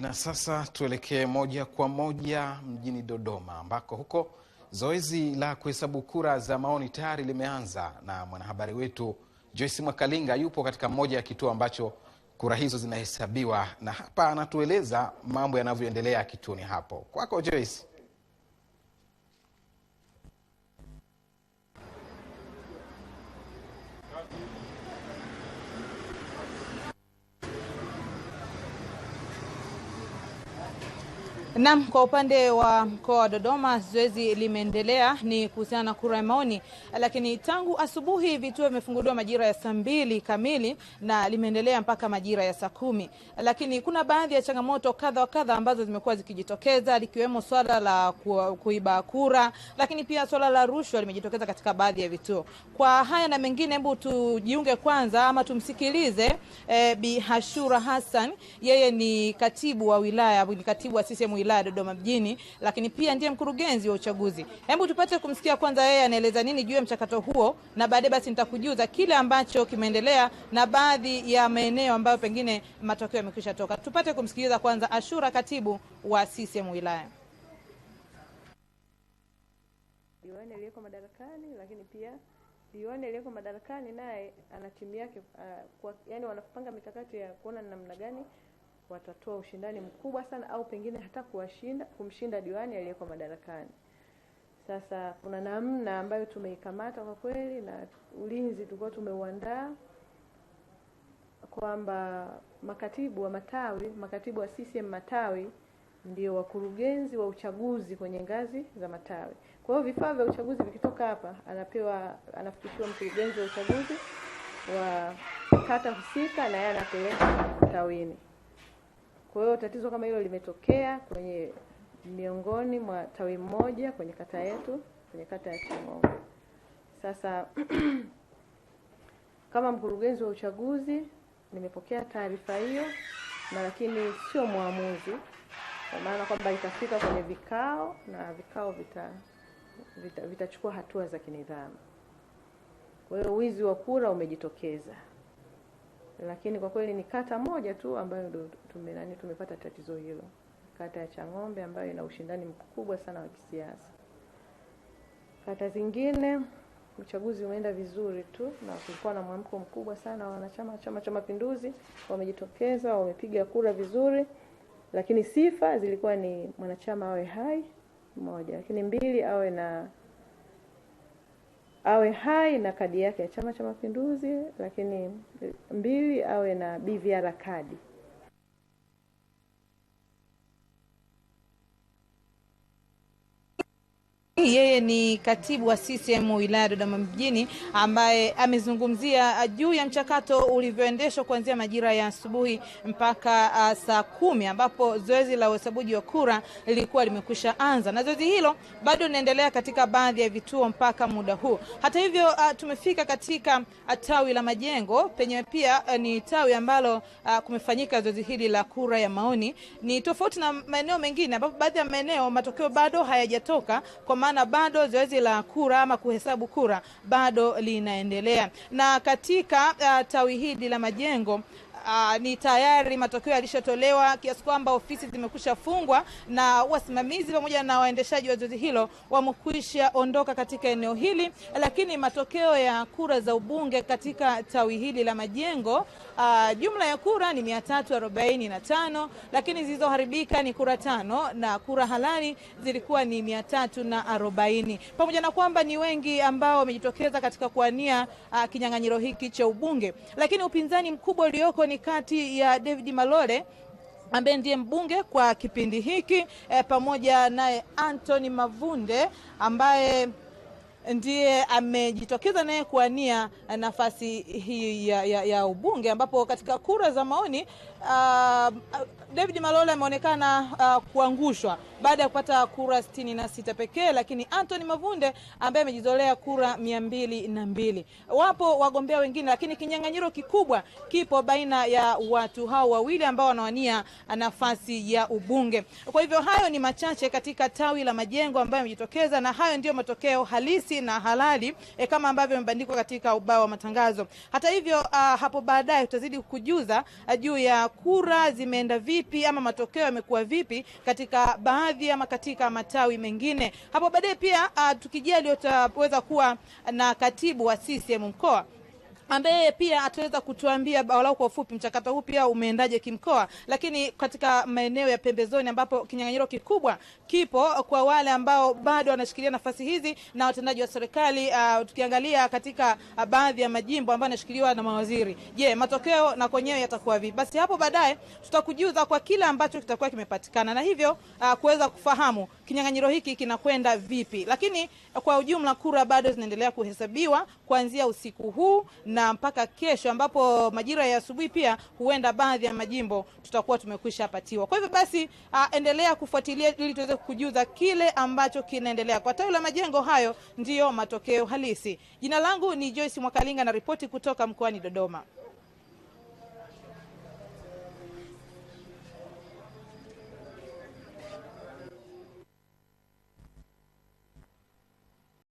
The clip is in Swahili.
Na sasa tuelekee moja kwa moja mjini Dodoma ambako huko zoezi la kuhesabu kura za maoni tayari limeanza, na mwanahabari wetu Joyce Mwakalinga yupo katika moja ya kituo ambacho kura hizo zinahesabiwa, na hapa anatueleza mambo yanavyoendelea kituoni hapo. Kwako Joyce. Naam, kwa upande wa mkoa wa Dodoma zoezi limeendelea ni kuhusiana na kura ya maoni, lakini tangu asubuhi vituo vimefunguliwa majira ya saa mbili kamili na limeendelea mpaka majira ya saa kumi, lakini kuna baadhi ya changamoto kadha wa kadha ambazo zimekuwa zikijitokeza likiwemo swala la kuiba kura, lakini pia swala la rushwa limejitokeza katika baadhi ya vituo. Kwa haya na mengine, hebu tujiunge kwanza ama tumsikilize eh, Bi Hashura Hassan, yeye ni katibu wa wilaya, ni katibu wa CCM wilaya Dodoma mjini, lakini pia ndiye mkurugenzi wa uchaguzi. Hebu tupate kumsikia kwanza yeye anaeleza nini juu ya mchakato huo, na baadaye basi nitakujuza kile ambacho kimeendelea na baadhi ya maeneo ambayo pengine matokeo yamekwisha toka. Tupate kumsikiliza kwanza Ashura, katibu wa CCM wilaya diwani aliyeko madarakani, lakini pia diwani aliyeko madarakani naye ana timu yake uh, kwa, yani wanapanga mikakati ya kuona namna gani watatoa ushindani mkubwa sana au pengine hata kuwashinda kumshinda diwani aliyeko madarakani. Sasa kuna namna ambayo tumeikamata kwa kweli, na ulinzi tulikuwa tumeuandaa kwamba makatibu wa matawi, makatibu wa CCM matawi ndio wakurugenzi wa uchaguzi kwenye ngazi za matawi. Kwa hiyo vifaa vya uchaguzi vikitoka hapa, anapewa anafikishiwa mkurugenzi wa uchaguzi wa kata husika, na yeye anapeleka tawini. Kwa hiyo tatizo kama hilo limetokea kwenye miongoni mwa tawi moja kwenye kata yetu, kwenye kata ya Chang'ombe. Sasa kama mkurugenzi wa uchaguzi nimepokea taarifa hiyo, na lakini sio mwamuzi, kwa maana kwamba itafika kwenye vikao na vikao vitachukua vita hatua za kinidhamu. Kwa hiyo wizi wa kura umejitokeza lakini kwa kweli ni kata moja tu ambayo ndo tumenani tumepata tatizo hilo, kata ya Chang'ombe ambayo ina ushindani mkubwa sana wa kisiasa. Kata zingine uchaguzi umeenda vizuri tu na kulikuwa na mwamko mkubwa sana wa wanachama wa Chama cha Mapinduzi, wamejitokeza wamepiga kura vizuri, lakini sifa zilikuwa ni mwanachama awe hai mmoja, lakini mbili awe na awe hai na kadi yake ya Chama cha Mapinduzi, lakini mbili awe na BVR kadi. Yeye ni katibu wa CCM wilaya Dodoma mjini, ambaye amezungumzia uh, juu ya mchakato ulivyoendeshwa kuanzia majira ya asubuhi mpaka uh, saa kumi ambapo zoezi la uhesabuji wa kura lilikuwa limekwisha anza, na zoezi hilo bado linaendelea katika baadhi ya vituo mpaka muda huu. Hata hivyo, uh, tumefika katika uh, tawi la Majengo penye pia uh, ni tawi ambalo uh, kumefanyika zoezi hili la kura ya maoni. Ni tofauti na maeneo mengine ambapo baadhi ya maeneo matokeo bado hayajatoka kwa maana bado zoezi la kura ama kuhesabu kura bado linaendelea, na katika uh, tawi hili la Majengo uh, ni tayari matokeo yalishotolewa kiasi kwamba ofisi zimekwisha fungwa na wasimamizi pamoja na waendeshaji wa zoezi hilo wamekwisha ondoka katika eneo hili, lakini matokeo ya kura za ubunge katika tawi hili la Majengo, uh, jumla ya kura ni 345 lakini zilizoharibika ni kura tano na kura halali zilikuwa ni 340 pamoja na kwamba ni wengi ambao wamejitokeza katika kuania uh, ah, kinyang'anyiro hiki cha ubunge, lakini upinzani mkubwa ulioko ni ni kati ya David Malole ambaye ndiye mbunge kwa kipindi hiki e, pamoja naye Anthony Mavunde ambaye ndiye amejitokeza naye kuania nafasi hii ya, ya, ya ubunge ambapo katika kura za maoni uh, David Malole ameonekana uh, kuangushwa baada ya kupata kura sitini na sita pekee, lakini Anthony Mavunde ambaye amejizolea kura mia mbili na mbili. Wapo wagombea wengine, lakini kinyang'anyiro kikubwa kipo baina ya watu hao wawili ambao wanawania nafasi ya ubunge. Kwa hivyo hayo ni machache katika tawi la Majengo ambayo yamejitokeza, na hayo ndiyo matokeo halisi na halali e, kama ambavyo amebandikwa katika ubao wa matangazo. Hata hivyo, uh, hapo baadaye tutazidi kukujuza juu ya kura zimeenda vipi ama matokeo yamekuwa vipi katika baadhi baadhi ama katika matawi mengine. Hapo baadaye pia uh, tukijia aliyotaweza kuwa na katibu wa CCM mkoa ambaye pia ataweza kutuambia walau kwa ufupi mchakato huu pia umeendaje kimkoa, lakini katika maeneo ya pembezoni ambapo kinyang'anyiro kikubwa kipo kwa wale ambao bado wanashikilia nafasi hizi na watendaji wa serikali uh, tukiangalia katika uh, baadhi ya majimbo ambayo yanashikiliwa na mawaziri. Je, matokeo na kwenyewe yatakuwa vipi? Basi hapo baadaye tutakujuza kwa kile ambacho kitakuwa kimepatikana na hivyo uh, kuweza kufahamu kinyang'anyiro hiki kinakwenda vipi. Lakini eh, kwa ujumla kura bado zinaendelea kuhesabiwa kuanzia usiku huu na mpaka kesho, ambapo majira ya asubuhi pia huenda baadhi ya majimbo tutakuwa tumekwisha patiwa. Kwa hivyo basi, a, ah, endelea kufuatilia ili tuweze kukujuza kile ambacho kinaendelea kwa tawi la majengo. Hayo ndiyo matokeo halisi. Jina langu ni Joyce Mwakalinga na ripoti kutoka mkoani Dodoma.